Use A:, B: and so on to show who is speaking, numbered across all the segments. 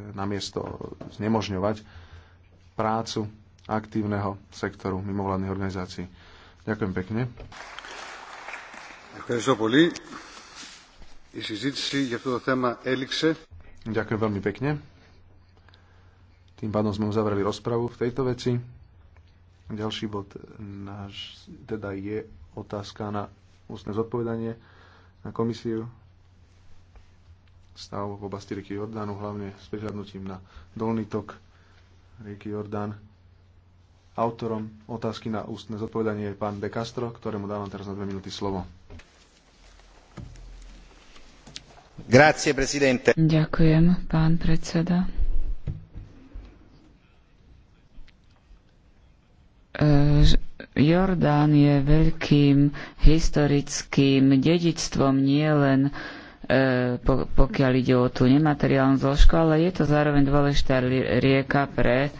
A: namiesto znemožňovať prácu aktívneho sektoru mimovládnych organizácií. Ďakujem pekne. Ďakujem veľmi pekne. Tým pádom sme uzavreli rozpravu v tejto veci. Ďalší bod náš teda je otázka na ústne zodpovedanie na komisiu stav v oblasti rieky Jordánu, hlavne s prihľadnutím na dolný tok rieky Jordán. Autorom otázky na ústne zodpovedanie je pán De Castro, ktorému dávam teraz na dve minúty slovo. Ďakujem,
B: pán predseda. E, Jordán je veľkým historickým dedičstvom nielen len E, pokiaľ ide o tú nemateriálnu zložku, ale je to zároveň dôležitá rieka pre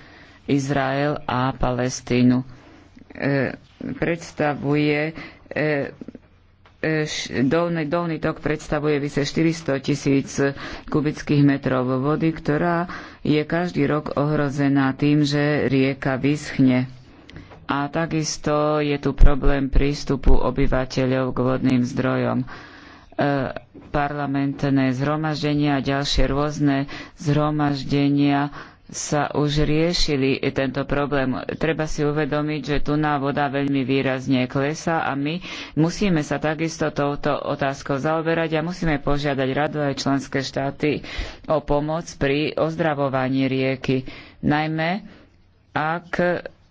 B: Izrael a Palestínu. E, predstavuje e, dolný, dolný tok predstavuje vyše 400 tisíc kubických metrov vody, ktorá je každý rok ohrozená tým, že rieka vyschne. A takisto je tu problém prístupu obyvateľov k vodným zdrojom. E, parlamentné zhromaždenia a ďalšie rôzne zhromaždenia sa už riešili tento problém. Treba si uvedomiť, že tu tuná voda veľmi výrazne klesá a my musíme sa takisto touto otázkou zaoberať a musíme požiadať radu aj členské štáty o pomoc pri ozdravovaní rieky. Najmä ak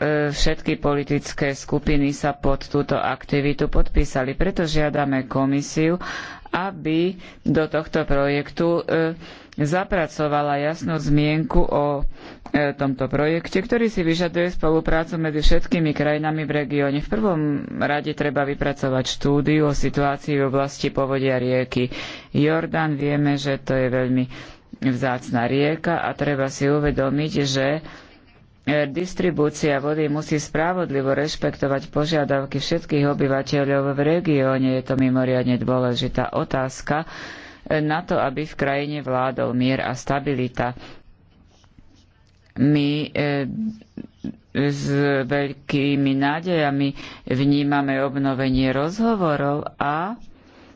B: E, všetky politické skupiny sa pod túto aktivitu podpísali. Preto žiadame komisiu, aby do tohto projektu e, zapracovala jasnú zmienku o e, tomto projekte, ktorý si vyžaduje spoluprácu medzi všetkými krajinami v regióne. V prvom rade treba vypracovať štúdiu o situácii v oblasti povodia rieky Jordán. Vieme, že to je veľmi vzácna rieka a treba si uvedomiť, že E, distribúcia vody musí spravodlivo rešpektovať požiadavky všetkých obyvateľov v regióne. Je to mimoriadne dôležitá otázka e, na to, aby v krajine vládol mier a stabilita. My e, s veľkými nádejami vnímame obnovenie rozhovorov a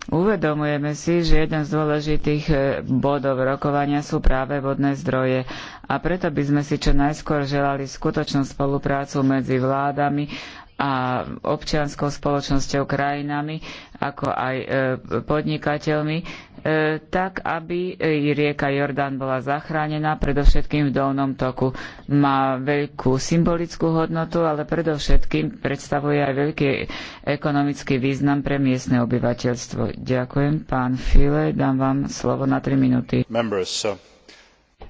B: Uvedomujeme si, že jeden z dôležitých e, bodov rokovania sú práve vodné zdroje a preto by sme si čo najskôr želali skutočnú spoluprácu medzi vládami a občianskou spoločnosťou krajinami, ako aj e, podnikateľmi, E, tak aby e, rieka Jordán bola zachránená, predovšetkým v dolnom toku. Má veľkú symbolickú hodnotu, ale predovšetkým predstavuje aj veľký ekonomický význam pre miestne obyvateľstvo. Ďakujem, pán File, dám vám slovo na 3 minúty.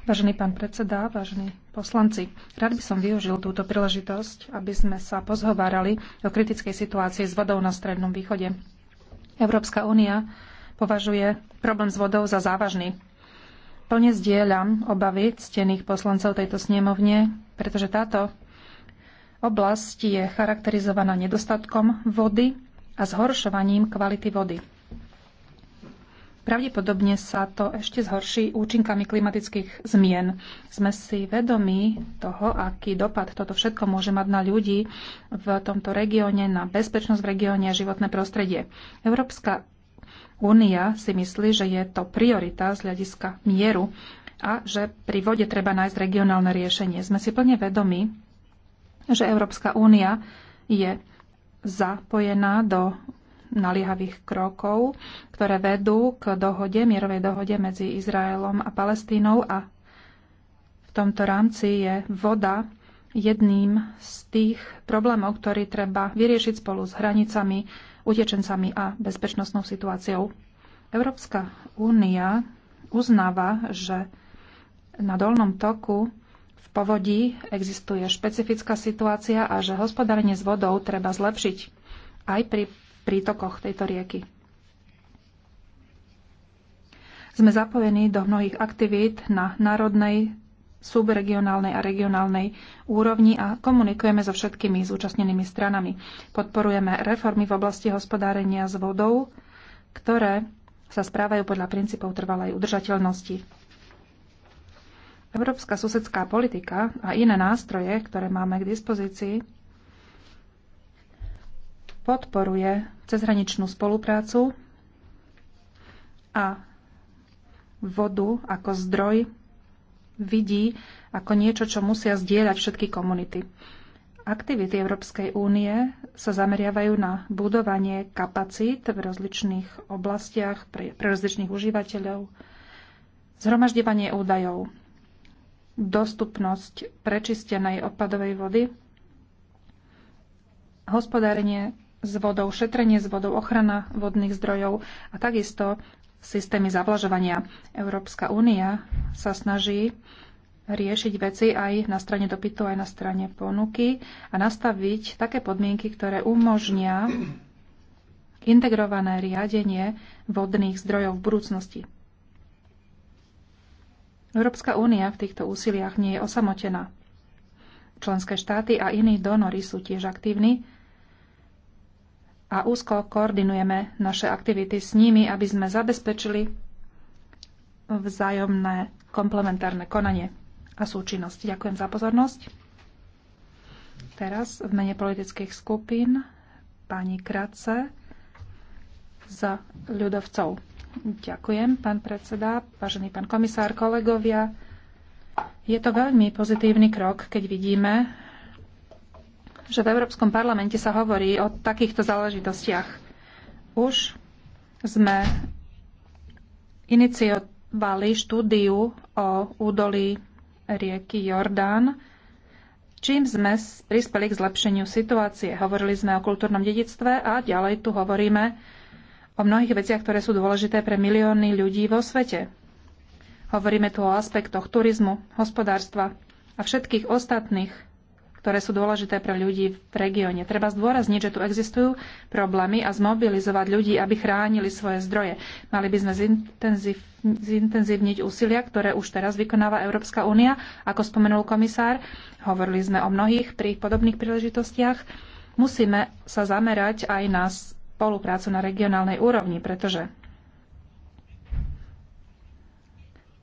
B: Vážený
C: pán predseda, vážení poslanci, rád by som využil túto príležitosť, aby sme sa pozhovárali o kritickej situácii s vodou na Strednom východe. Európska únia považuje problém s vodou za závažný. Plne zdieľam obavy ctených poslancov tejto snemovne, pretože táto oblasť je charakterizovaná nedostatkom vody a zhoršovaním kvality vody. Pravdepodobne sa to ešte zhorší účinkami klimatických zmien. Sme si vedomi toho, aký dopad toto všetko môže mať na ľudí v tomto regióne, na bezpečnosť v regióne a životné prostredie. Európska Únia si myslí, že je to priorita z hľadiska mieru a že pri vode treba nájsť regionálne riešenie. Sme si plne vedomi, že Európska únia je zapojená do naliehavých krokov, ktoré vedú k dohode, mierovej dohode medzi Izraelom a Palestínou a v tomto rámci je voda jedným z tých problémov, ktorý treba vyriešiť spolu s hranicami, utečencami a bezpečnostnou situáciou. Európska únia uznáva, že na dolnom toku v povodí existuje špecifická situácia a že hospodárenie s vodou treba zlepšiť aj pri prítokoch tejto rieky. Sme zapojení do mnohých aktivít na národnej, subregionálnej a regionálnej úrovni a komunikujeme so všetkými zúčastnenými stranami. Podporujeme reformy v oblasti hospodárenia s vodou, ktoré sa správajú podľa princípov trvalej udržateľnosti. Európska susedská politika a iné nástroje, ktoré máme k dispozícii, podporuje cezhraničnú spoluprácu a vodu ako zdroj vidí ako niečo, čo musia zdieľať všetky komunity. Aktivity Európskej únie sa zameriavajú na budovanie kapacít v rozličných oblastiach pre, pre rozličných užívateľov, zhromažďovanie údajov, dostupnosť prečistenej odpadovej vody, hospodárenie s vodou, šetrenie s vodou, ochrana vodných zdrojov a takisto systémy zavlažovania. Európska únia sa snaží riešiť veci aj na strane dopytu, aj na strane ponuky a nastaviť také podmienky, ktoré umožnia integrované riadenie vodných zdrojov v budúcnosti. Európska únia v týchto úsiliach nie je osamotená. Členské štáty a iní donory sú tiež aktívni a úzko koordinujeme naše aktivity s nimi, aby sme zabezpečili vzájomné komplementárne konanie a súčinnosť. Ďakujem za pozornosť. Teraz v mene politických skupín pani Krace za ľudovcov. Ďakujem, pán predseda, vážený pán komisár, kolegovia. Je to veľmi pozitívny krok, keď vidíme, že v Európskom parlamente sa hovorí o takýchto záležitostiach. Už sme iniciovali štúdiu o údolí rieky Jordán, čím sme prispeli k zlepšeniu situácie. Hovorili sme o kultúrnom dedictve a ďalej tu hovoríme o mnohých veciach, ktoré sú dôležité pre milióny ľudí vo svete. Hovoríme tu o aspektoch turizmu, hospodárstva a všetkých ostatných ktoré sú dôležité pre ľudí v regióne. Treba zdôrazniť, že tu existujú problémy a zmobilizovať ľudí, aby chránili svoje zdroje. Mali by sme zintenzív, zintenzívniť úsilia, ktoré už teraz vykonáva Európska únia, ako spomenul komisár. Hovorili sme o mnohých pri podobných príležitostiach. Musíme sa zamerať aj na spoluprácu na regionálnej úrovni, pretože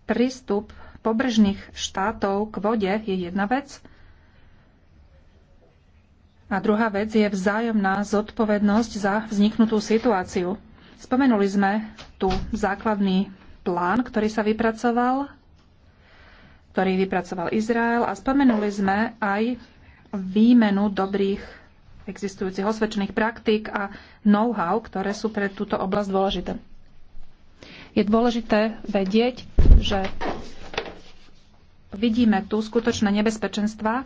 C: prístup pobržných štátov k vode je jedna vec, a druhá vec je vzájomná zodpovednosť za vzniknutú situáciu. Spomenuli sme tu základný plán, ktorý sa vypracoval, ktorý vypracoval Izrael a spomenuli sme aj výmenu dobrých existujúcich osvedčených praktík a know-how, ktoré sú pre túto oblasť dôležité. Je dôležité vedieť, že vidíme tu skutočné nebezpečenstva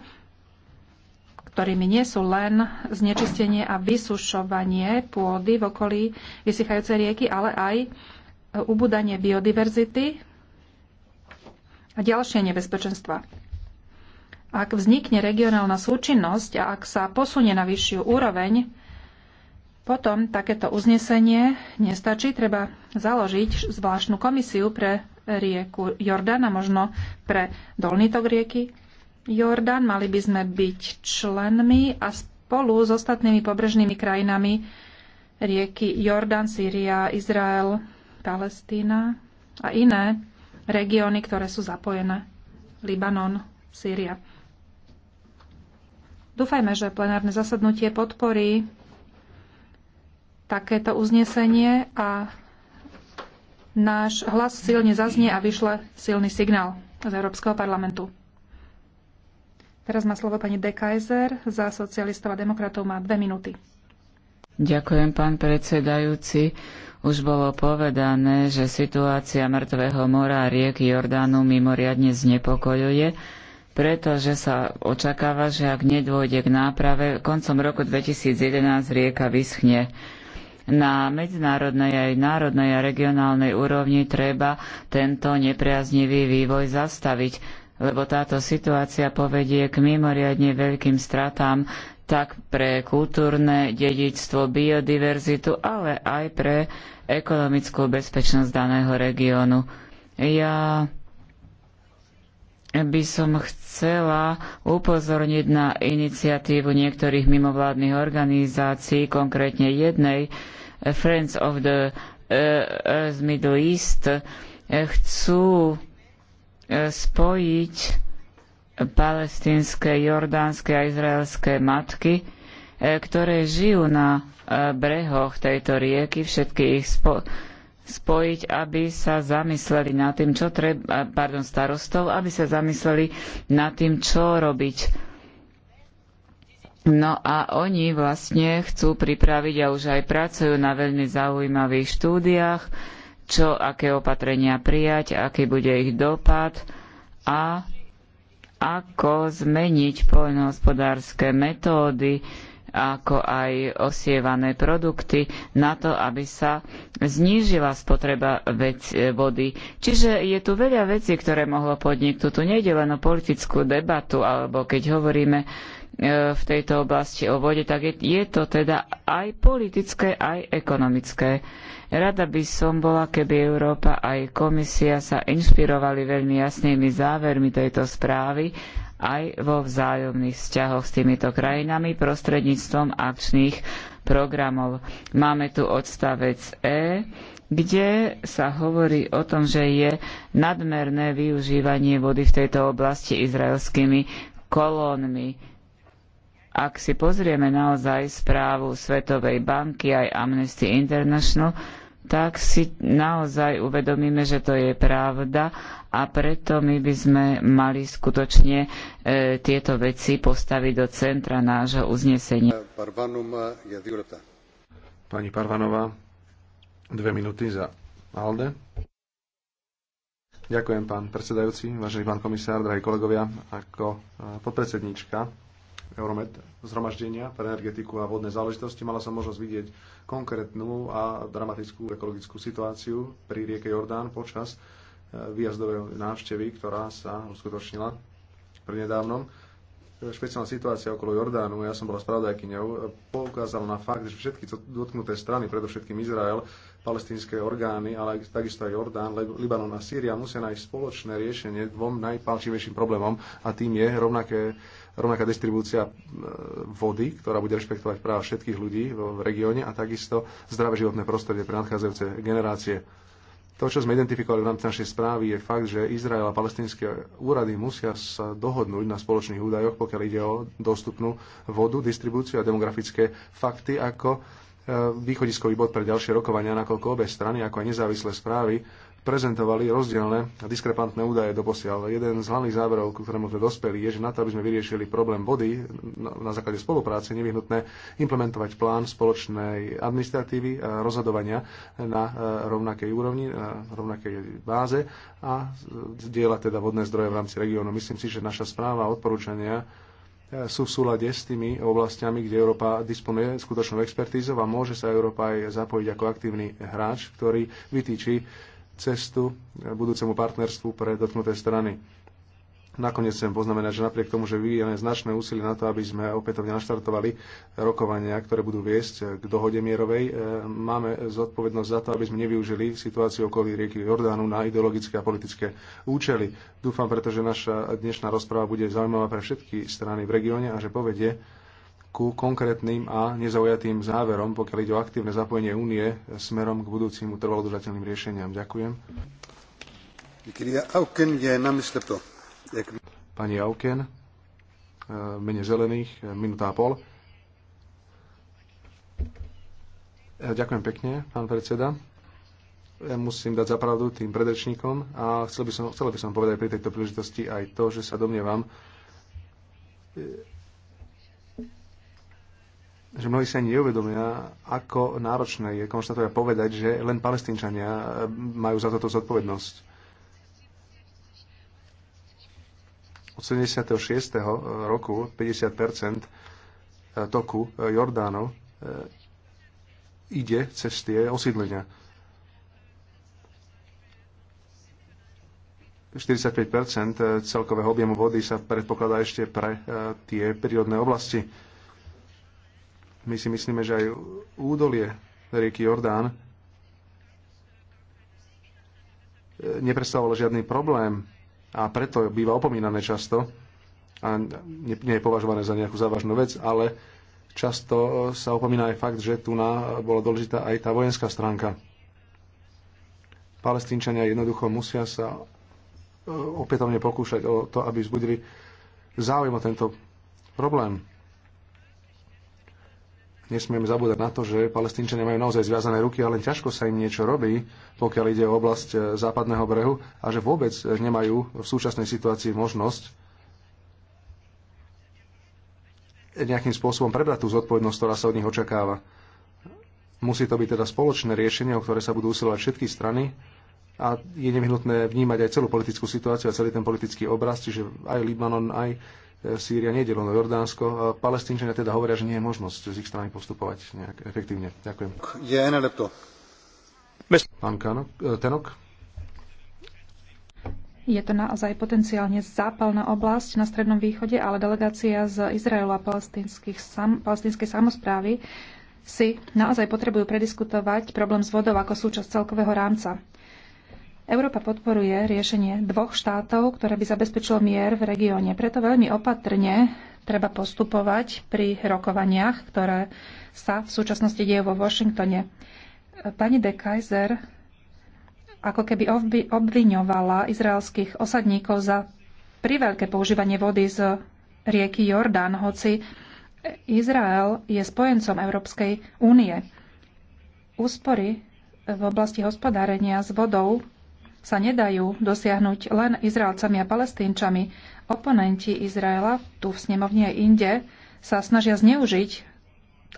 C: ktorými nie sú len znečistenie a vysušovanie pôdy v okolí vysychajúcej rieky, ale aj ubudanie biodiverzity a ďalšie nebezpečenstva. Ak vznikne regionálna súčinnosť a ak sa posunie na vyššiu úroveň, potom takéto uznesenie nestačí, treba založiť zvláštnu komisiu pre rieku Jordana, možno pre dolný tok rieky Jordán, mali by sme byť členmi a spolu s ostatnými pobrežnými krajinami rieky Jordán, Sýria, Izrael, Palestína a iné regióny, ktoré sú zapojené. Libanon, Sýria. Dúfajme, že plenárne zasadnutie podporí takéto uznesenie a náš hlas silne zaznie a vyšle silný signál z Európskeho parlamentu. Teraz má slovo pani De Kaiser za socialistov a demokratov má dve minúty.
B: Ďakujem, pán predsedajúci. Už bolo povedané, že situácia mŕtvého mora a rieky Jordánu mimoriadne znepokojuje, pretože sa očakáva, že ak nedôjde k náprave, koncom roku 2011 rieka vyschne. Na medzinárodnej aj národnej a regionálnej úrovni treba tento nepriaznivý vývoj zastaviť lebo táto situácia povedie k mimoriadne veľkým stratám tak pre kultúrne dedičstvo, biodiverzitu, ale aj pre ekonomickú bezpečnosť daného regiónu. Ja by som chcela upozorniť na iniciatívu niektorých mimovládnych organizácií, konkrétne jednej, Friends of the eh, Earth Middle East, chcú E, spojiť palestínske, jordánske a izraelské matky, e, ktoré žijú na e, brehoch tejto rieky, všetky ich spo- spojiť, aby sa zamysleli nad tým, čo treba, pardon, starostov, aby sa zamysleli nad tým, čo robiť. No a oni vlastne chcú pripraviť a už aj pracujú na veľmi zaujímavých štúdiách, čo, aké opatrenia prijať, aký bude ich dopad a ako zmeniť poľnohospodárske metódy, ako aj osievané produkty na to, aby sa znížila spotreba vec, vody. Čiže je tu veľa vecí, ktoré mohlo podniknúť. Tu nejde len o politickú debatu, alebo keď hovoríme E, v tejto oblasti o vode, tak je, je to teda aj politické, aj ekonomické. Rada by som bola, keby Európa aj komisia sa inšpirovali veľmi jasnými závermi tejto správy aj vo vzájomných vzťahoch s týmito krajinami prostredníctvom akčných programov. Máme tu odstavec E, kde sa hovorí o tom, že je nadmerné využívanie vody v tejto oblasti izraelskými kolónmi ak si pozrieme naozaj správu Svetovej banky aj Amnesty International, tak si naozaj uvedomíme, že to je pravda a preto my by sme mali skutočne e, tieto veci postaviť do centra nášho uznesenia.
A: Pani Parvanová, dve minúty za Alde. Ďakujem, pán predsedajúci, vážený pán komisár, drahí kolegovia. Ako e, podpredsedníčka Euromed zhromaždenia pre energetiku a vodné záležitosti. Mala som možnosť vidieť konkrétnu a dramatickú ekologickú situáciu pri rieke Jordán počas e, výjazdovej návštevy, ktorá sa uskutočnila prednedávnom. E, špeciálna situácia okolo Jordánu, ja som bola spravodajkyňou, e, poukázala na fakt, že všetky dotknuté strany, predovšetkým Izrael, palestínske orgány, ale takisto aj Jordán, Libanon a Sýria musia nájsť spoločné riešenie dvom najpalčivejším problémom a tým je rovnaké rovnaká distribúcia e, vody, ktorá bude rešpektovať práva všetkých ľudí v regióne a takisto zdravé životné prostredie pre nadchádzajúce generácie. To, čo sme identifikovali v rámci našej správy, je fakt, že Izrael a palestinské úrady musia sa dohodnúť na spoločných údajoch, pokiaľ ide o dostupnú vodu, distribúciu a demografické fakty ako e, východiskový bod pre ďalšie rokovania, nakoľko obe strany, ako aj nezávislé správy, prezentovali rozdielne a diskrepantné údaje doposiaľ. Jeden z hlavných záverov, k ktorému sme dospeli, je, že na to, aby sme vyriešili problém vody na základe spolupráce, nevyhnutné implementovať plán spoločnej administratívy a rozhodovania na e, rovnakej úrovni, na rovnakej báze a zdieľať teda vodné zdroje v rámci regiónu. Myslím si, že naša správa a odporúčania e, sú v súlade s tými oblastiami, kde Európa disponuje skutočnou expertízou a môže sa Európa aj zapojiť ako aktívny hráč, ktorý vytýči cestu eh, budúcemu partnerstvu pre dotknuté strany. Nakoniec chcem poznamenať, že napriek tomu, že vyvíjame značné úsilie na to, aby sme opätovne naštartovali rokovania, ktoré budú viesť eh, k dohode mierovej, eh, máme zodpovednosť za to, aby sme nevyužili situáciu okolí rieky Jordánu na ideologické a politické účely. Dúfam preto, že naša dnešná rozpráva bude zaujímavá pre všetky strany v regióne a že povedie ku konkrétnym a nezaujatým záverom, pokiaľ ide o aktívne zapojenie únie smerom k budúcim trvalodržateľným riešeniam. Ďakujem. Pani Auken, mene zelených, minúta a pol. E, ďakujem pekne, pán predseda. Ja e, musím dať zapravdu tým predrečníkom a chcel by som, chcel by som povedať pri tejto príležitosti aj to, že sa domnievam, e, že mnohí sa neuvedomia, ako náročné je konštatovať povedať, že len palestínčania eh, majú za toto zodpovednosť. Od 76. Eh, roku 50 eh, toku Jordánu ide cez tie osídlenia. 45 celkového objemu vody sa predpokladá ešte pre tie prírodné oblasti my si myslíme, že aj údolie rieky Jordán e, nepredstavovalo žiadny problém a preto býva opomínané často a nie je považované za nejakú závažnú vec, ale často sa opomína aj fakt, že tu na bola dôležitá aj tá vojenská stránka. Palestínčania jednoducho musia sa e, opätovne pokúšať o to, aby vzbudili záujem o tento problém. Nesmieme zabúdať na to, že palestínčania majú naozaj zviazané ruky ale len ťažko sa im niečo robí, pokiaľ ide o oblasť e, západného brehu a že vôbec e, nemajú v súčasnej situácii možnosť e, nejakým spôsobom prebrať tú zodpovednosť, ktorá sa od nich očakáva. Musí to byť teda spoločné riešenie, o ktoré sa budú usilovať všetky strany a je nevyhnutné vnímať aj celú politickú situáciu a celý ten politický obraz, čiže aj Libanon, aj Sýria, nie len Jordánsko. Palestínčania teda hovoria, že nie je možnosť z ich strany postupovať nejak efektívne. Ďakujem. Je na Pán Kánok, e, Tenok.
C: Je to naozaj potenciálne zápalná oblasť na Strednom východe, ale delegácia z Izraelu a sam, palestinskej samozprávy si naozaj potrebujú prediskutovať problém s vodou ako súčasť celkového rámca. Európa podporuje riešenie dvoch štátov, ktoré by zabezpečilo mier v regióne. Preto veľmi opatrne treba postupovať pri rokovaniach, ktoré sa v súčasnosti dejú vo Washingtone. Pani de Kaiser ako keby obviňovala izraelských osadníkov za priveľké používanie vody z rieky Jordán, hoci Izrael je spojencom Európskej únie. Úspory v oblasti hospodárenia s vodou sa nedajú dosiahnuť len Izraelcami a Palestínčami. Oponenti Izraela tu v snemovni aj inde sa snažia zneužiť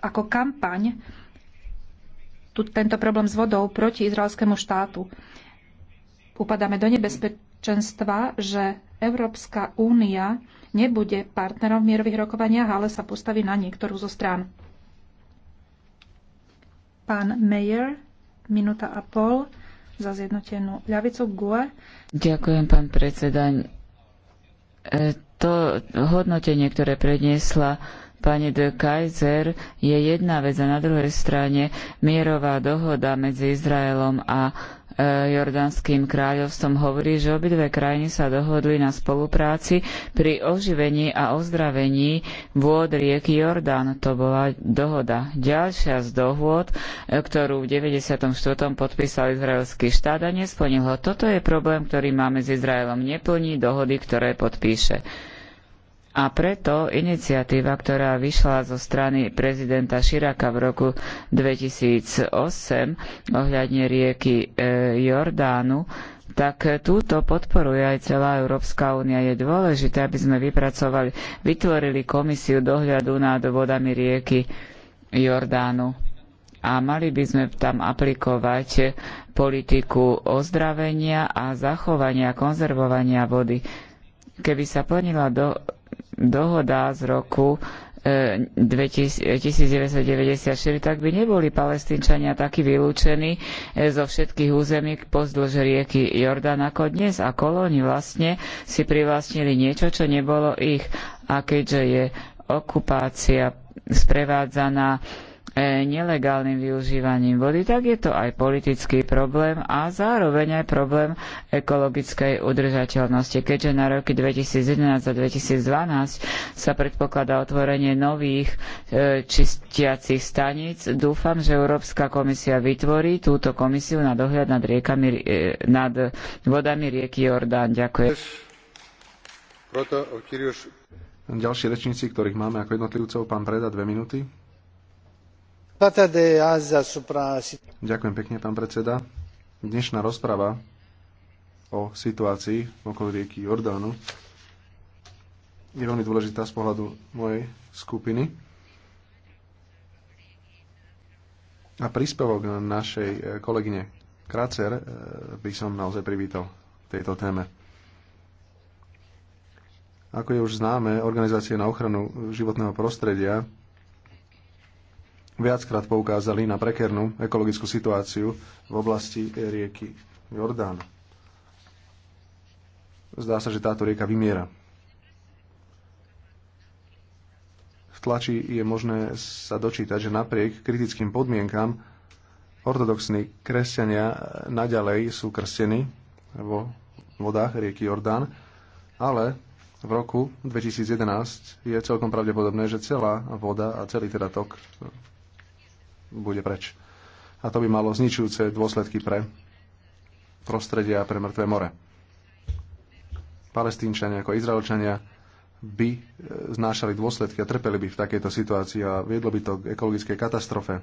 C: ako kampaň tu, tento problém s vodou proti izraelskému štátu. Upadáme do nebezpečenstva, že Európska únia nebude partnerom v mierových rokovaniach, ale sa postaví na niektorú zo strán. Pán Mayer, minúta a pol za zjednotenú ľavicu GUE.
B: Ďakujem, pán predseda. E, to hodnotenie, ktoré predniesla pani de Kaiser, je jedna vec a na druhej strane mierová dohoda medzi Izraelom a Jordánským kráľovstvom hovorí, že obidve krajiny sa dohodli na spolupráci pri oživení a ozdravení vôd rieky Jordán. To bola dohoda. Ďalšia z dohôd, ktorú v 94. podpísal izraelský štát a nesplnil ho. Toto je problém, ktorý máme s Izraelom. Neplní dohody, ktoré podpíše. A preto iniciatíva, ktorá vyšla zo strany prezidenta Širaka v roku 2008 ohľadne rieky e, Jordánu, tak túto podporuje aj celá Európska únia. Je dôležité, aby sme vypracovali, vytvorili komisiu dohľadu nad vodami rieky Jordánu. A mali by sme tam aplikovať politiku ozdravenia a zachovania, konzervovania vody Keby sa plnila do, dohoda z roku 1994, e, tak by neboli palestínčania takí vylúčení e, zo všetkých území pozdĺž rieky Jordán ako dnes a kolóni vlastne si privlastnili niečo, čo nebolo ich. A keďže je okupácia sprevádzaná E, nelegálnym využívaním vody, tak je to aj politický problém a zároveň aj problém ekologickej udržateľnosti. Keďže na roky 2011 a 2012 sa predpokladá otvorenie nových e, čistiacich staníc, dúfam, že Európska komisia vytvorí túto komisiu na dohľad nad, riekami, e, nad vodami rieky Jordán. Ďakujem.
A: Ďalší rečníci, ktorých máme ako jednotlivcov, pán Preda, dve minúty. Ďakujem pekne, pán predseda. Dnešná rozprava o situácii okolo rieky Jordánu je veľmi dôležitá z pohľadu mojej skupiny. A príspevok našej eh, kolegyne Kracer eh, by som naozaj privítal tejto téme. Ako je už známe, organizácie na ochranu životného prostredia viackrát poukázali na prekernú ekologickú situáciu v oblasti rieky Jordán. Zdá sa, že táto rieka vymiera. V tlači je možné sa dočítať, že napriek kritickým podmienkam ortodoxní kresťania naďalej sú krstení vo vodách rieky Jordán, ale v roku 2011 je celkom pravdepodobné, že celá voda a celý teda tok bude preč. A to by malo zničujúce dôsledky pre prostredia a pre mŕtve more. Palestínčania ako Izraelčania by e, znášali dôsledky a trpeli by v takejto situácii a viedlo by to k ekologickej katastrofe.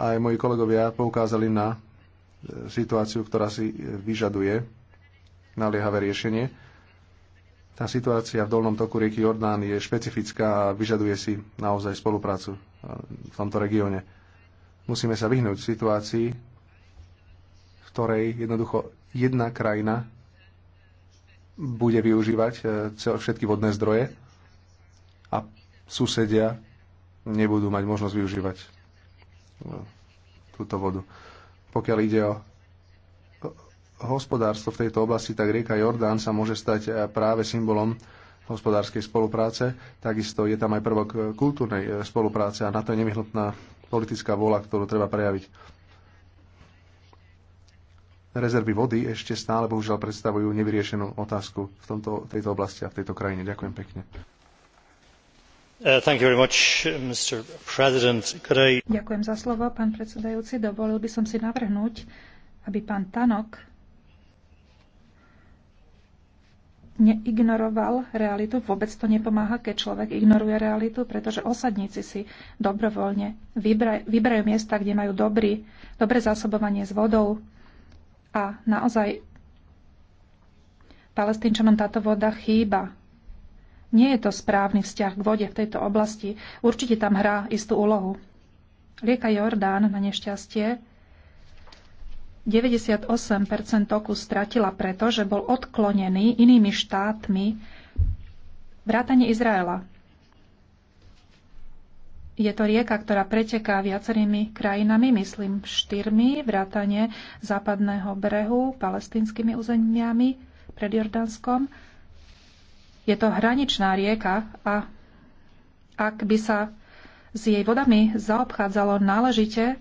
A: Aj moji kolegovia poukázali na e, situáciu, ktorá si e, vyžaduje naliehavé riešenie tá situácia v dolnom toku rieky Jordán je špecifická a vyžaduje si naozaj spoluprácu e, v tomto regióne. Musíme sa vyhnúť v situácii, v ktorej jednoducho jedna krajina bude využívať e, všetky vodné zdroje a susedia nebudú mať možnosť využívať e, túto vodu. Pokiaľ ide o hospodárstvo v tejto oblasti, tak rieka Jordán sa môže stať eh, práve symbolom hospodárskej spolupráce. Takisto je tam aj prvok eh, kultúrnej eh, spolupráce a na to je nevyhnutná politická vôľa, ktorú treba prejaviť. Rezervy vody ešte stále bohužiaľ predstavujú nevyriešenú otázku v tomto, tejto oblasti a v tejto krajine. Ďakujem pekne. Much, I...
C: Ďakujem za slovo, pán predsedajúci. Dovolil by som si navrhnúť, aby pán Tanok neignoroval realitu. Vôbec to nepomáha, keď človek ignoruje realitu, pretože osadníci si dobrovoľne vyberajú miesta, kde majú dobrý, dobré zásobovanie s vodou a naozaj palestínčanom táto voda chýba. Nie je to správny vzťah k vode v tejto oblasti. Určite tam hrá istú úlohu. Rieka Jordán na nešťastie 98 toku stratila preto, že bol odklonený inými štátmi vrátane Izraela. Je to rieka, ktorá preteká viacerými krajinami, myslím štyrmi, vrátane západného brehu, palestinskými územiami pred Jordánskom. Je to hraničná rieka a ak by sa s jej vodami zaobchádzalo náležite,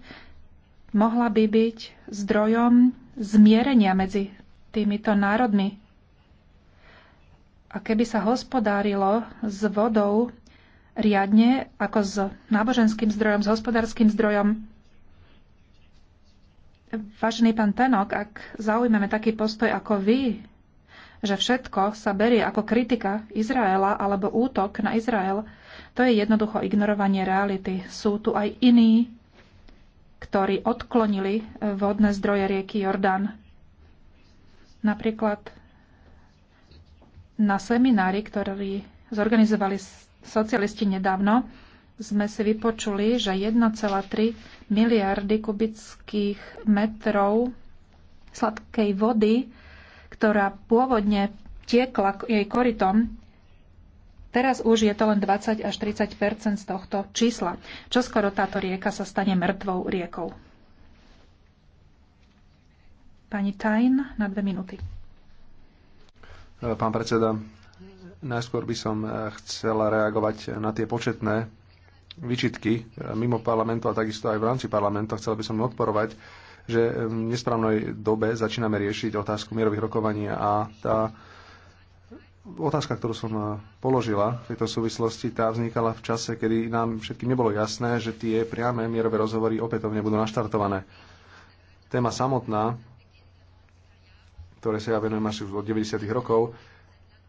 C: mohla by byť zdrojom zmierenia medzi týmito národmi. A keby sa hospodárilo s vodou riadne, ako s náboženským zdrojom, s hospodárským zdrojom, Vážený pán Tenok, ak zaujmeme taký postoj ako vy, že všetko sa berie ako kritika Izraela alebo útok na Izrael, to je jednoducho ignorovanie reality. Sú tu aj iní ktorí odklonili e, vodné zdroje rieky Jordán. Napríklad na seminári, ktorý zorganizovali socialisti nedávno, sme si vypočuli, že 1,3 miliardy kubických metrov sladkej vody, ktorá pôvodne tiekla jej korytom, Teraz už je to len 20 až 30 z tohto čísla. Čoskoro táto rieka sa stane mŕtvou riekou. Pani Tajn, na dve minúty.
A: Pán predseda, najskôr by som eh, chcela reagovať na tie početné vyčitky eh, mimo parlamentu a takisto aj v rámci parlamentu. Chcela by som odporovať, že eh, v nesprávnej dobe začíname riešiť otázku mierových rokovaní a tá otázka, ktorú som eh, položila v tejto súvislosti, tá vznikala v čase, kedy nám všetkým nebolo jasné, že tie priame mierové rozhovory opätovne budú naštartované. Téma samotná, ktoré sa ja venujem až od 90. rokov,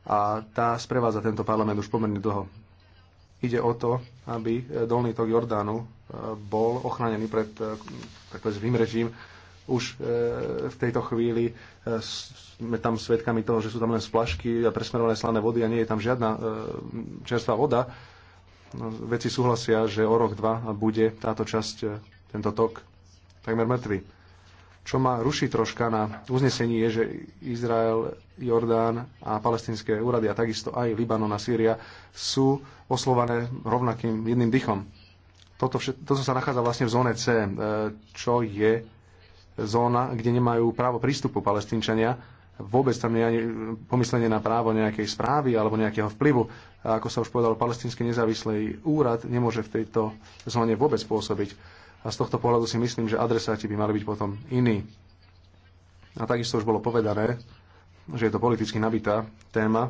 A: a tá sprevádza tento parlament už pomerne dlho. Ide o to, aby eh, dolný tok Jordánu eh, bol ochránený pred takým zlým režim, už e, v tejto chvíli e, sme tam svedkami toho, že sú tam len splašky a presmerované slané vody a nie je tam žiadna e, čerstvá voda. No, Veci súhlasia, že o rok, dva bude táto časť, tento tok takmer mŕtvy. Čo ma ruší troška na uznesení je, že Izrael, Jordán a palestinské úrady a takisto aj Libanon a Sýria sú oslované rovnakým jedným dychom. Toto, všet, toto sa nachádza vlastne v zóne C, čo je zóna, kde nemajú právo prístupu palestínčania. Vôbec tam nie je ani pomyslenie na právo nejakej správy alebo nejakého vplyvu. A ako sa už povedalo, palestínsky nezávislý úrad nemôže v tejto zóne vôbec pôsobiť. A z tohto pohľadu si myslím, že adresáti by mali byť potom iní. A takisto už bolo povedané, že je to politicky nabitá téma,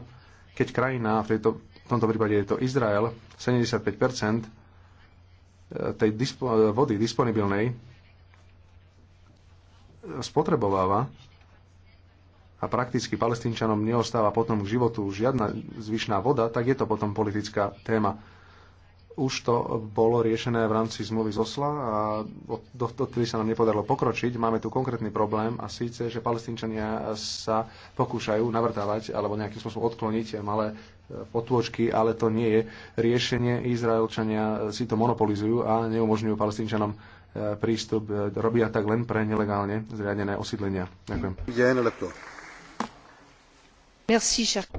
A: keď krajina, v, tejto, v tomto prípade je to Izrael, 75 eh, tej dispo, vody disponibilnej spotrebováva a prakticky palestínčanom neostáva potom k životu žiadna zvyšná voda, tak je to potom politická téma. Už to bolo riešené v rámci zmluvy z Osla a dotedy sa nám nepodarilo pokročiť. Máme tu konkrétny problém a síce, že palestínčania sa pokúšajú navrtávať alebo nejakým spôsobom odkloniť malé e, potôčky, ale to nie je riešenie. Izraelčania si to monopolizujú a neumožňujú palestínčanom prístup, e, robia tak len pre nelegálne zriadené osídlenia. Ďakujem.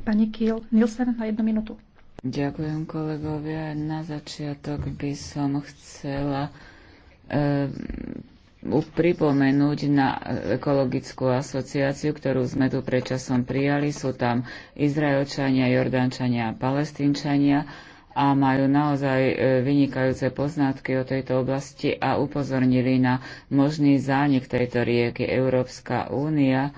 B: Pani Kiel, Nielsen na jednu minútu. Ďakujem kolegovia. Na začiatok by som chcela uh, pripomenúť na ekologickú asociáciu, ktorú sme tu predčasom prijali. Sú tam Izraelčania, Jordánčania a Palestínčania a majú naozaj e, vynikajúce poznatky o tejto oblasti a upozornili na možný zánik tejto rieky. Európska únia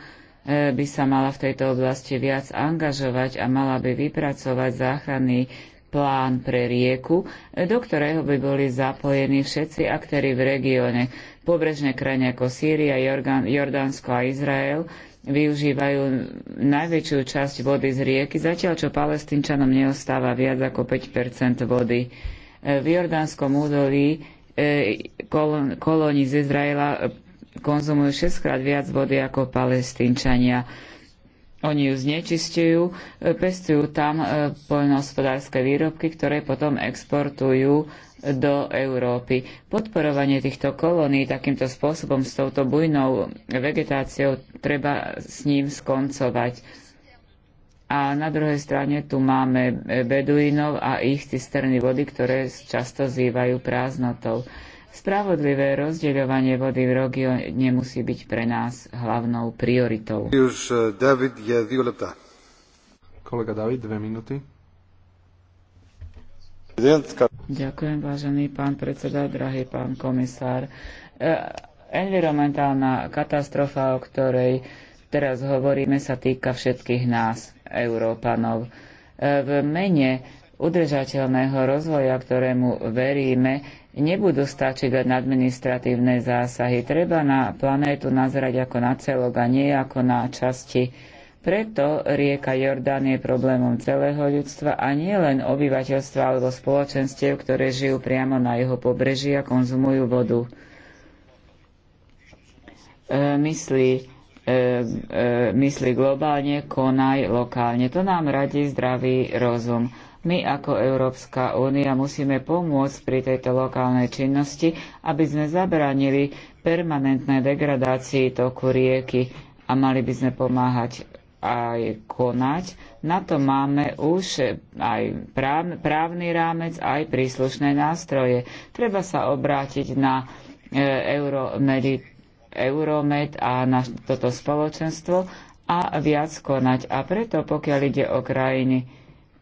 B: e, by sa mala v tejto oblasti viac angažovať a mala by vypracovať záchranný plán pre rieku, e, do ktorého by boli zapojení všetci aktéry v regióne, pobrežné krajiny ako Sýria, Jordánsko a Izrael, využívajú najväčšiu časť vody z rieky, zatiaľ čo palestínčanom neostáva viac ako 5 vody. E, v Jordánskom údolí e, kolóni z Izraela e, konzumujú 6 krát viac vody ako palestínčania. Oni ju znečistujú, pestujú tam poľnohospodárske výrobky, ktoré potom exportujú do Európy. Podporovanie týchto kolónií takýmto spôsobom s touto bujnou vegetáciou treba s ním skoncovať. A na druhej strane tu máme beduínov a ich cisterny vody, ktoré často zývajú prázdnotou. Spravodlivé rozdeľovanie vody v regióne nemusí byť pre nás hlavnou prioritou.
A: Eh, Kolega
B: David, dve minúty. Ďakujem, vážený pán predseda, drahý pán komisár. E, environmentálna katastrofa, o ktorej teraz hovoríme, sa týka všetkých nás, Európanov. E, v mene udržateľného rozvoja, ktorému veríme, nebudú stačiť len administratívne zásahy. Treba na planétu nazerať ako na celok a nie ako na časti preto rieka Jordán je problémom celého ľudstva a nie len obyvateľstva alebo spoločenstiev, ktoré žijú priamo na jeho pobreží a konzumujú vodu. E, myslí, e, e, myslí globálne, konaj lokálne. To nám radí zdravý rozum. My ako Európska únia musíme pomôcť pri tejto lokálnej činnosti, aby sme zabránili permanentnej degradácii toku rieky a mali by sme pomáhať aj konať. Na to máme už aj práv, právny rámec, aj príslušné nástroje. Treba sa obrátiť na e, Euromedi, Euromed a na toto spoločenstvo a viac konať. A preto, pokiaľ ide o krajiny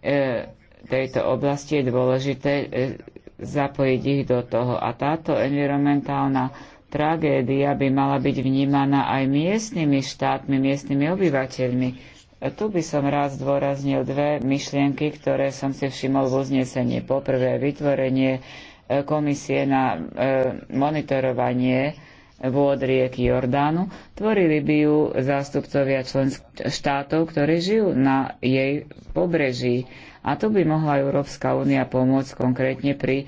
B: e, tejto oblasti, je dôležité e, zapojiť ich do toho. A táto environmentálna tragédia by mala byť vnímaná aj miestnymi štátmi, miestnymi obyvateľmi. Tu by som rád zdôraznil dve myšlienky, ktoré som si všimol v uznesení. Poprvé, vytvorenie e, komisie na e, monitorovanie vôd rieky Jordánu. Tvorili by ju zástupcovia členských štátov, ktorí žijú na jej pobreží. A tu by mohla Európska únia pomôcť konkrétne pri e,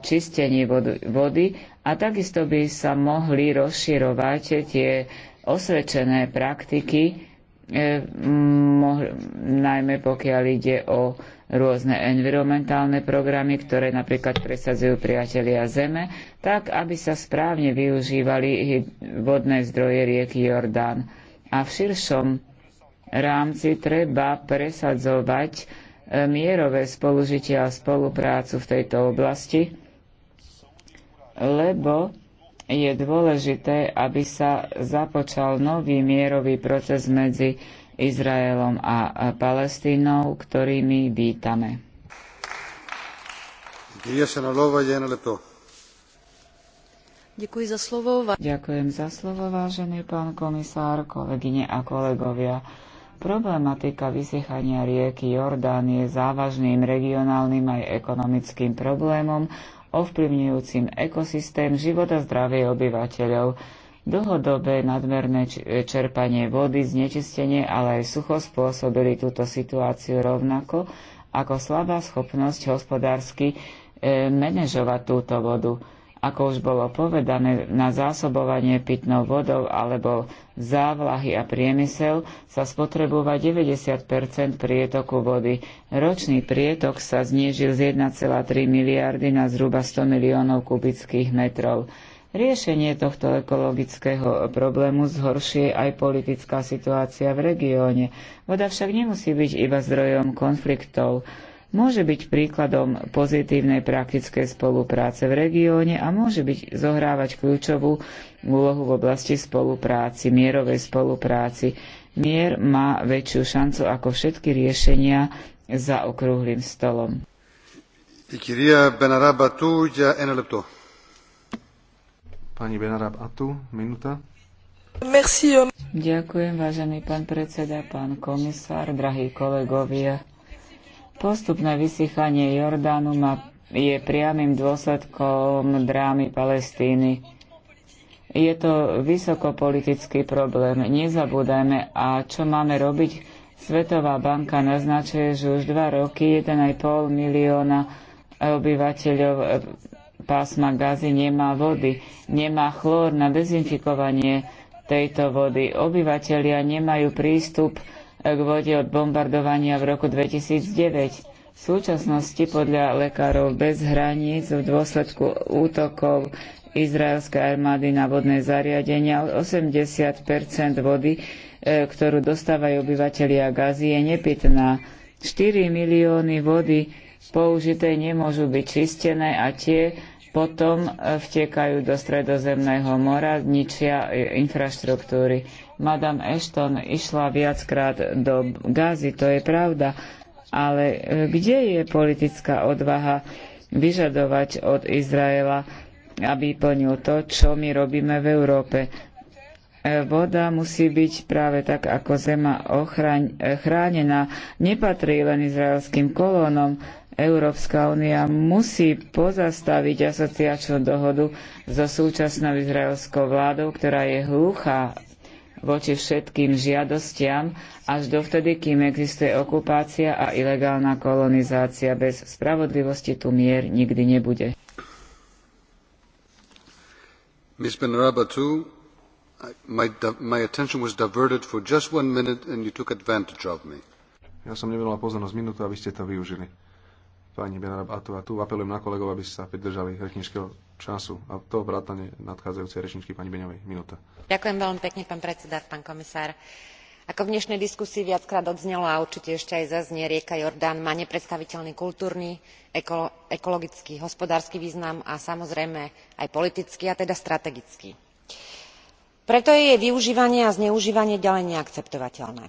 B: čistení vody a takisto by sa mohli rozširovať tie osvedčené praktiky, e, najmä pokiaľ ide o rôzne environmentálne programy, ktoré napríklad presadzujú priatelia Zeme, tak aby sa správne využívali vodné zdroje rieky Jordán. A v širšom rámci treba presadzovať e, mierové spolužitie a spoluprácu v tejto oblasti, lebo je dôležité, aby sa započal nový mierový proces medzi Izraelom a Palestínou, ktorými vítame. Ďakujem za slovo. Ďakujem za slovo, vážený pán komisár, kolegyne a kolegovia. Problematika vysychania rieky Jordán je závažným regionálnym aj ekonomickým problémom, ovplyvňujúcim ekosystém, život a zdravie obyvateľov. Dlhodobé nadmerné čerpanie vody, znečistenie, ale aj sucho spôsobili túto situáciu rovnako ako slabá schopnosť hospodársky e, manažovať túto vodu. Ako už bolo povedané, na zásobovanie pitnou vodou alebo závlahy a priemysel sa spotrebúva 90 prietoku vody. Ročný prietok sa znížil z 1,3 miliardy na zhruba 100 miliónov kubických metrov. Riešenie tohto ekologického problému zhoršie aj politická situácia v regióne. Voda však nemusí byť iba zdrojom konfliktov môže byť príkladom pozitívnej praktickej spolupráce v regióne a môže byť zohrávať kľúčovú úlohu v oblasti spolupráci, mierovej spolupráci. Mier má väčšiu šancu ako všetky riešenia za okrúhlym stolom.
A: Pani Benarab Atu, minúta.
B: Ďakujem, vážený pán predseda, pán komisár, drahí kolegovia. Postupné vysychanie Jordánu má, je priamým dôsledkom drámy Palestíny. Je to vysokopolitický problém, nezabúdajme. A čo máme robiť? Svetová banka naznačuje, že už dva roky 1,5 milióna obyvateľov e, pásma gazy nemá vody, nemá chlór na dezinfikovanie tejto vody. Obyvateľia nemajú prístup k vode od bombardovania v roku 2009. V súčasnosti podľa lekárov bez hraníc v dôsledku útokov izraelskej armády na vodné zariadenia 80 vody, e, ktorú dostávajú obyvateľia Gazy, je nepitná. 4 milióny vody použité nemôžu byť čistené a tie potom vtekajú do Stredozemného mora, ničia e, infraštruktúry. Madame Ashton išla viackrát do Gazy, to je pravda, ale e, kde je politická odvaha vyžadovať od Izraela, aby plnil to, čo my robíme v Európe? E, voda musí byť práve tak, ako zema ochraň, e, chránená. Nepatrí len izraelským kolónom. Európska únia musí pozastaviť asociačnú dohodu so súčasnou izraelskou vládou, ktorá je hluchá voči všetkým žiadostiam až dovtedy, kým existuje okupácia a ilegálna kolonizácia. Bez spravodlivosti tu mier nikdy nebude.
A: Ms. Benrabatu, my, my attention was diverted for just one minute and you took advantage of me. Ja som nevedela pozornosť minútu, aby ste to využili pani Benarab a tu, a tu apelujem na kolegov, aby sa pridržali rečníčkeho času a to vrátane nadchádzajúcej rečníčky pani Beňovej. Minúta.
D: Ďakujem veľmi pekne, pán predseda, pán komisár. Ako v dnešnej diskusii viackrát odznelo a určite ešte aj zaznie, rieka Jordán má nepredstaviteľný kultúrny, ekolo, ekologický, hospodársky význam a samozrejme aj politický a teda strategický. Preto je jej využívanie a zneužívanie ďalej neakceptovateľné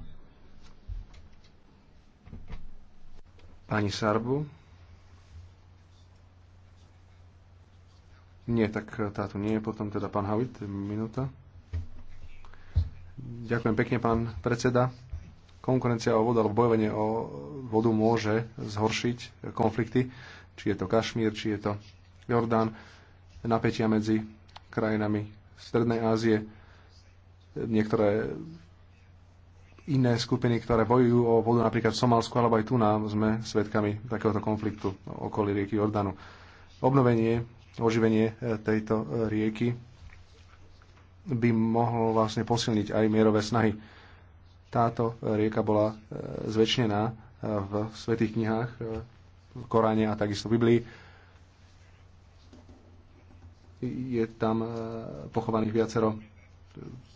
A: Pani Sarbu? Nie, tak e, táto nie je. Potom teda pán Havit, minúta. Ďakujem pekne, pán predseda. Konkurencia o vodu alebo bojovanie o vodu môže zhoršiť konflikty, či je to Kašmír, či je to Jordán, napätia medzi krajinami Strednej Ázie. Niektoré iné skupiny, ktoré bojujú o vodu napríklad v Somálsku alebo aj tu nám sme svedkami takéhoto konfliktu okolí rieky Jordanu. Obnovenie, oživenie e, tejto e, rieky by mohlo vlastne posilniť aj mierové snahy. Táto e, rieka bola zväčšená v svetých knihách, v Koráne a takisto v Biblii. Je tam pochovaných viacero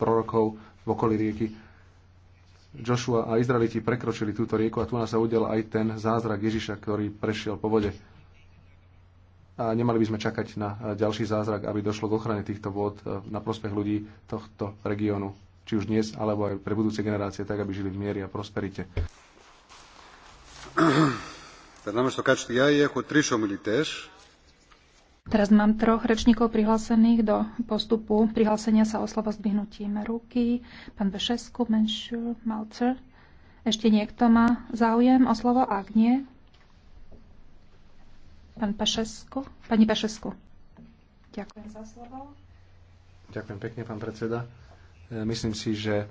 A: prorokov v okolí rieky Joshua a Izraeliti prekročili túto rieku a tu nás sa udel aj ten zázrak Ježiša, ktorý prešiel po vode. A nemali by sme čakať na ďalší zázrak, aby došlo k ochrane týchto vôd eh, na prospech ľudí tohto regiónu, či už dnes, alebo aj pre budúce generácie, tak aby žili v miery a prosperite. Θα δάμε στο κάτσο του Γιάννη, έχω τρεις
C: Teraz mám troch rečníkov prihlásených do postupu prihlásenia sa o slovo zdvihnutím ruky. Pán Vešesku, Menšu, Malcer. Ešte niekto má záujem o slovo? Ak nie, pán Pašesku. Pani Pašesku. Ďakujem za slovo.
A: Ďakujem pekne, pán predseda. E, myslím si, že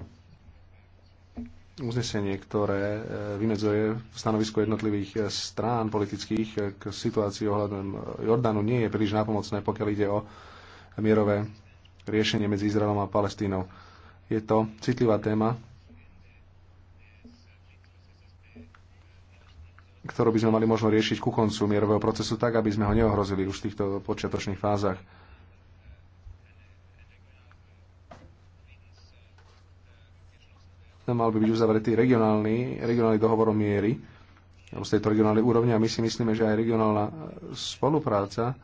A: uznesenie, ktoré e, vymedzuje stanovisko jednotlivých e, strán politických e, k situácii ohľadom Jordánu, nie je príliš nápomocné, pokiaľ ide o mierové riešenie medzi Izraelom a Palestínou. Je to citlivá téma, ktorú by sme mali možno riešiť ku koncu mierového procesu tak, aby sme ho neohrozili už v týchto počiatočných fázach. Tam no, mal by byť uzavretý regionálny, regionálny dohovor o miery z tejto regionálnej úrovne a my si myslíme, že aj regionálna e, spolupráca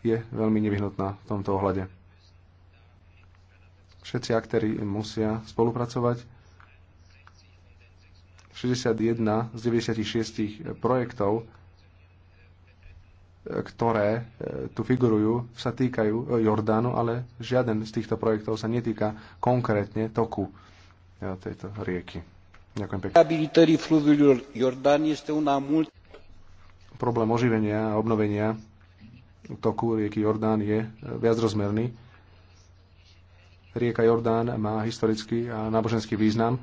A: je veľmi nevyhnutná v tomto ohľade. Všetci aktéry musia spolupracovať. 61 z 96 projektov, e, ktoré e, tu figurujú, sa týkajú Jordánu, ale žiaden z týchto projektov sa netýka konkrétne toku tejto rieky. Ďakujem pekne. Problém oživenia a obnovenia toku rieky Jordán je e, viacrozmerný. Rieka Jordán má historický a náboženský význam.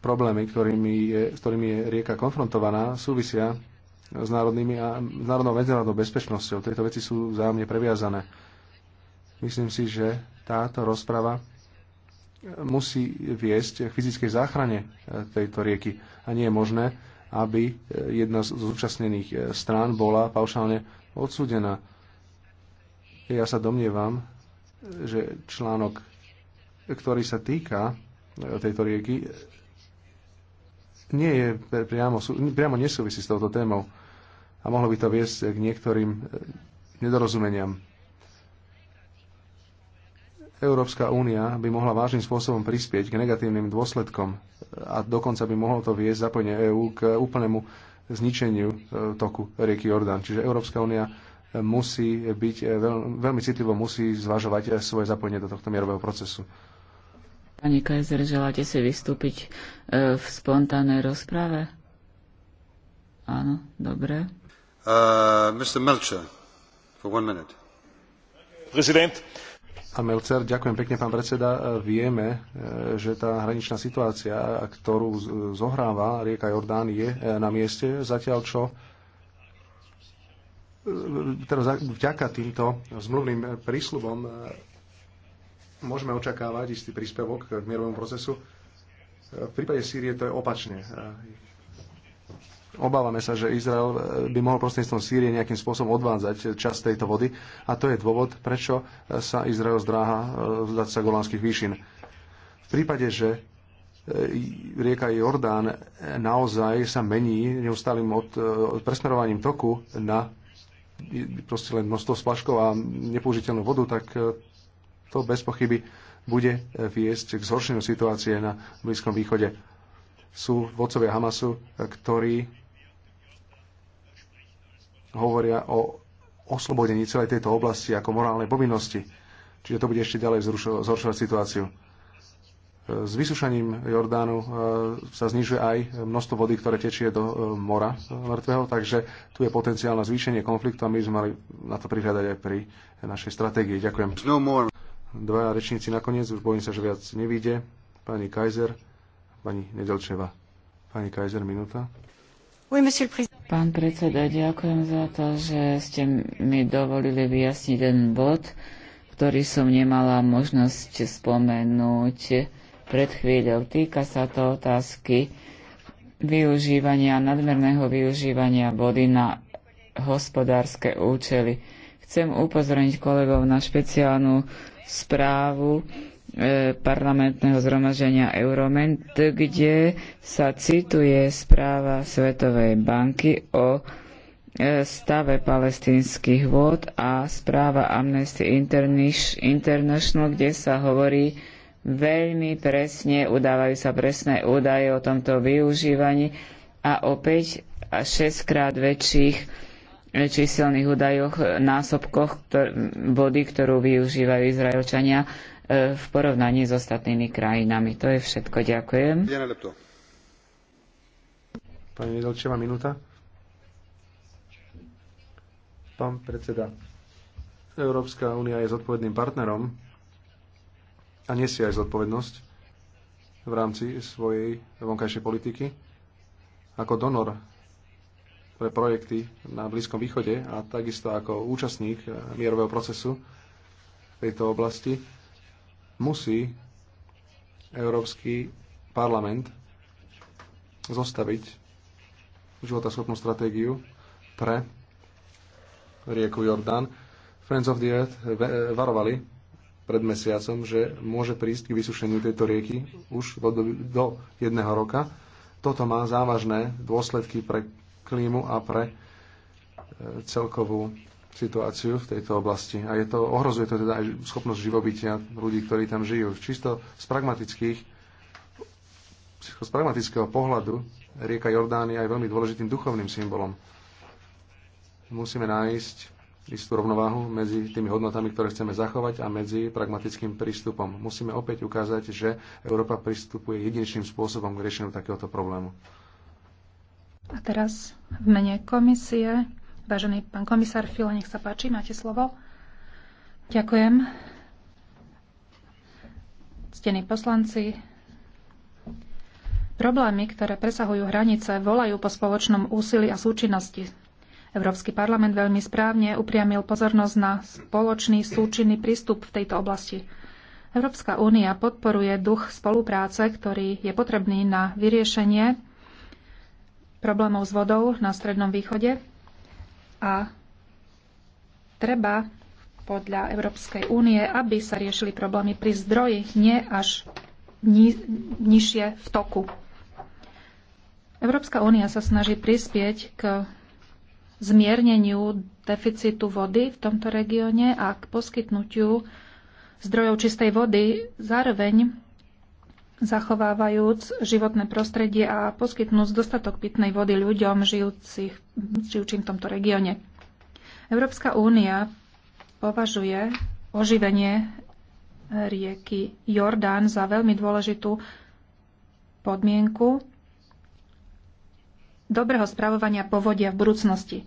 A: Problémy, ktorými je, s ktorými je rieka konfrontovaná, súvisia s, národnými a, s národnou medzinárodnou bezpečnosťou. Tieto veci sú vzájomne previazané. Myslím si, že táto rozprava musí viesť k fyzickej záchrane e, tejto rieky. A nie je možné, aby e, jedna z zúčastnených e, strán bola paušálne odsúdená. Ja sa domnievam, že článok, ktorý sa týka tejto rieky, nie je priamo, priamo nesúvisí s touto témou a mohlo by to viesť k niektorým nedorozumeniam. Európska únia by mohla vážnym spôsobom prispieť k negatívnym dôsledkom a dokonca by mohlo to viesť zapojenie EÚ k úplnému zničeniu e, toku rieky Jordán. Čiže Európska únia musí byť e, veľ, veľmi citlivo musí zvažovať e, svoje zapojenie do tohto mierového procesu.
B: Pani Kajzer, želáte si vystúpiť v spontánnej rozprave? Áno,
A: dobre. Uh, Mr. Melcher, for one minute. Prezident, a Melcer. Ďakujem pekne, pán predseda. E, vieme, e, že tá hraničná situácia, e, ktorú zohráva rieka Jordán, je na mieste, zatiaľ čo teda vďaka týmto zmluvným prísľubom môžeme očakávať istý príspevok k mierovému procesu. V prípade Sýrie to je opačne. Obávame sa, že Izrael eh, by mohol prostredníctvom Sýrie nejakým spôsobom odvádzať eh, časť tejto vody a to je dôvod, prečo eh, sa Izrael zdráha vzdať sa golánskych výšin. V prípade, že rieka Jordán naozaj sa mení neustálým od, od presmerovaním toku na proste len množstvo splaškov a nepoužiteľnú vodu, tak to bez pochyby bude viesť k zhoršeniu situácie na Blízkom východe. Sú vodcovia Hamasu, ktorí hovoria o oslobodení celej tejto oblasti ako morálnej povinnosti. Čiže to bude ešte ďalej zhoršovať situáciu. E, s vysúšaním Jordánu e, sa znižuje aj množstvo vody, ktoré tečie do e, mora mŕtvého, takže tu je potenciál na zvýšenie konfliktu a my sme mali na to prihľadať aj pri našej stratégii. Ďakujem. No Dvaja rečníci nakoniec, už bojím sa, že viac nevíde. Pani Kaiser, pani Nedelčeva. Pani Kaiser, minúta.
B: Oui, Pán predseda, ďakujem za to, že ste mi dovolili vyjasniť ten bod, ktorý som nemala možnosť spomenúť pred chvíľou. Týka sa to otázky využívania, nadmerného využívania vody na hospodárske účely. Chcem upozorniť kolegov na špeciálnu správu E, parlamentného zhromaženia Euroment, kde sa cituje správa Svetovej banky o e, stave palestínskych vôd a správa Amnesty International, kde sa hovorí veľmi presne, udávajú sa presné údaje o tomto využívaní a opäť 6 krát väčších e, číselných údajoch, násobkoch ktor- vody, ktorú využívajú Izraelčania E, v porovnaní s ostatnými krajinami. To je všetko.
A: Ďakujem. Pani Nedelčeva, minúta. Pán predseda, Európska únia je zodpovedným partnerom a nesie aj zodpovednosť v rámci svojej vonkajšej politiky ako donor pre projekty na Blízkom východe a takisto ako účastník mierového procesu v tejto oblasti musí Európsky parlament zostaviť životaschopnú stratégiu pre rieku Jordán. Friends of the Earth varovali pred mesiacom, že môže prísť k vysušeniu tejto rieky už do, do jedného roka. Toto má závažné dôsledky pre klímu a pre e, celkovú situáciu v tejto oblasti. A je to, ohrozuje to teda aj schopnosť živobytia ľudí, ktorí tam žijú. Čisto z pragmatických z pragmatického pohľadu rieka Jordánia je veľmi dôležitým duchovným symbolom. Musíme nájsť istú rovnováhu medzi tými hodnotami, ktoré chceme zachovať a medzi pragmatickým prístupom. Musíme opäť ukázať, že Európa pristupuje jedinečným spôsobom k riešeniu takéhoto problému.
C: A teraz v mene komisie Vážený pán komisár Fila, nech sa páči, máte slovo. Ďakujem. Ctení poslanci, problémy, ktoré presahujú hranice, volajú po spoločnom úsilí a súčinnosti. Európsky parlament veľmi správne upriamil pozornosť na spoločný súčinný prístup v tejto oblasti. Európska únia podporuje duch spolupráce, ktorý je potrebný na vyriešenie problémov s vodou na Strednom východe a treba podľa Európskej únie, aby sa riešili problémy pri zdroji, nie až ni- nižšie v toku. Európska únia sa snaží prispieť k zmierneniu deficitu vody v tomto regióne a k poskytnutiu zdrojov čistej vody. Zároveň zachovávajúc životné prostredie a poskytnúc dostatok pitnej vody ľuďom žijúcich, žijúcim v tomto regióne. Európska únia považuje oživenie rieky Jordán za veľmi dôležitú podmienku dobrého spravovania povodia v budúcnosti.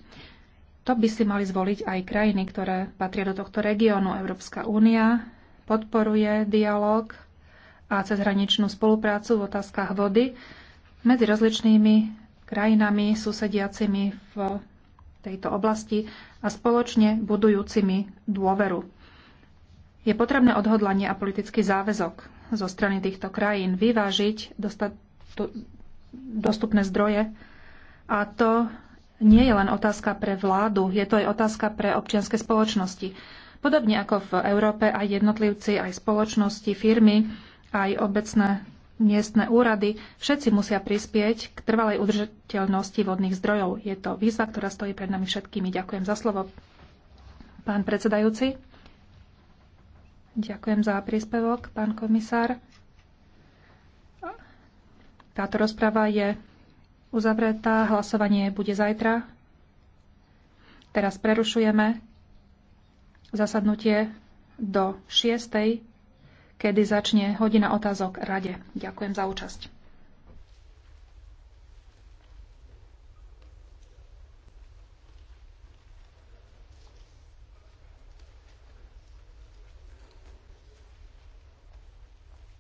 C: To by si mali zvoliť aj krajiny, ktoré patria do tohto regiónu. Európska únia podporuje dialog a cezhraničnú spoluprácu v otázkach vody medzi rozličnými krajinami susediacimi v tejto oblasti a spoločne budujúcimi dôveru. Je potrebné odhodlanie a politický záväzok zo strany týchto krajín vyvážiť dostupné zdroje a to nie je len otázka pre vládu, je to aj otázka pre občianske spoločnosti. Podobne ako v Európe aj jednotlivci, aj spoločnosti, firmy aj obecné miestne úrady, všetci musia prispieť k trvalej udržateľnosti vodných zdrojov. Je to výzva, ktorá stojí pred nami všetkými. Ďakujem za slovo. Pán predsedajúci, ďakujem za príspevok, pán komisár. Táto rozprava je uzavretá, hlasovanie bude zajtra. Teraz prerušujeme zasadnutie do 6 kedy začne hodina otázok rade. Ďakujem za účasť.